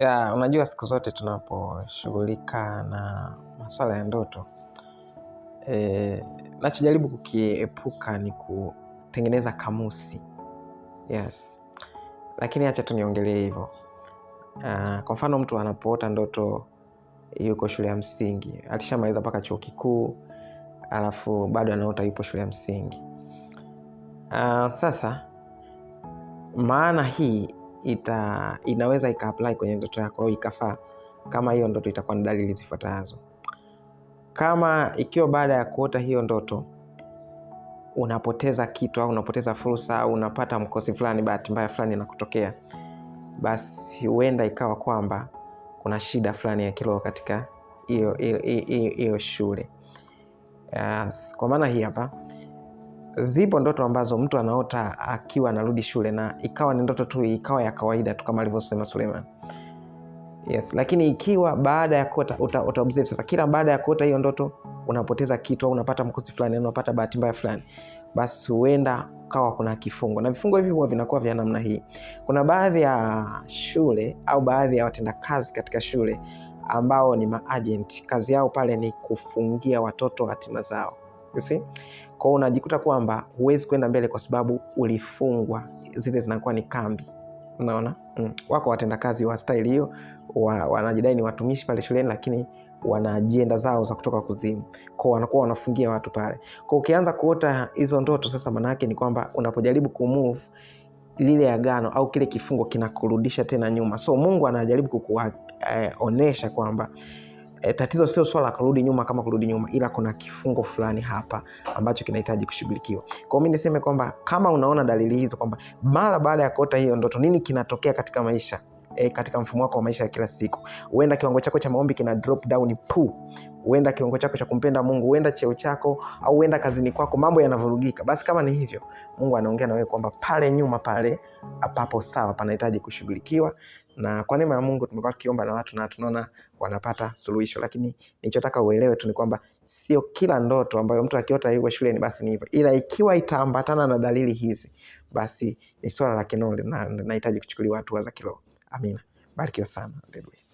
Ya, unajua siku zote tunaposhughulika na masuala ya ndoto e, nachojaribu kukiepuka ni kutengeneza kamusi yes, lakini hacha tu niongelee hivyo. E, kwa mfano mtu anapoota ndoto yuko shule ya msingi, alishamaliza mpaka chuo kikuu, alafu bado anaota yupo shule ya msingi. Aa, e, sasa maana hii ita inaweza apply kwenye ndoto yako au ikafaa kama hiyo ndoto itakuwa na dalili zifuatazo. Kama ikiwa baada ya kuota hiyo ndoto unapoteza kitu au unapoteza fursa au unapata mkosi fulani, bahati mbaya fulani inakutokea, basi huenda ikawa kwamba kuna shida fulani ya kiroho katika hiyo shule. uh, kwa maana hii hapa zipo ndoto ambazo mtu anaota akiwa anarudi shule na ikawa ni ndoto tu, ikawa ya kawaida tu kama alivyosema Suleiman. Yes, lakini ikiwa baada ya kuota uta, uta observe sasa, kila baada ya kuota hiyo ndoto unapoteza kitu au unapata mkosi fulani au unapata bahati mbaya fulani, basi huenda ukawa kuna kifungo, na vifungo hivi huwa vinakuwa vya namna hii. Kuna baadhi ya shule au baadhi ya watendakazi katika shule ambao ni maagent kazi yao pale ni kufungia watoto hatima zao you see? Kwa hiyo unajikuta kwamba huwezi kwenda mbele kwa sababu ulifungwa, zile zinakuwa ni kambi. Unaona? Mm. Wako watendakazi wa staili hiyo wa, wanajidai ni watumishi pale shuleni lakini wana ajenda zao za kutoka kuzimu, k wanakuwa wanafungia watu pale. Kwa ukianza kuota hizo ndoto sasa, maana yake ni kwamba unapojaribu kumove lile agano au kile kifungo kinakurudisha tena nyuma. So Mungu anajaribu kukuonesha eh, kwamba E, tatizo sio swala la kurudi nyuma kama kurudi nyuma, ila kuna kifungo fulani hapa ambacho kinahitaji kushughulikiwa. Kwa hiyo mimi niseme kwamba kama unaona dalili hizo kwamba mara baada ya kuota hiyo ndoto nini kinatokea katika maisha e, katika mfumo wako wa maisha ya kila siku, huenda kiwango chako cha maombi kina drop down pu huenda kiwango chako cha kumpenda Mungu, huenda cheo chako, au huenda kazini kwako mambo yanavurugika. Basi kama ni hivyo, Mungu anaongea na wewe kwamba pale nyuma pale papo sawa, panahitaji kushughulikiwa, na kwa neema ya Mungu tumekuwa tukiomba na watu na tunaona wanapata suluhisho. Lakini nilichotaka uelewe tu ni kwamba sio kila ndoto ambayo mtu akiota yuko shuleni basi ni hivyo, ila ikiwa itaambatana na dalili hizi, basi ni swala la kinole na nahitaji kuchukuliwa hatua za kiroho. Amina, barikiwa sana. Haleluya.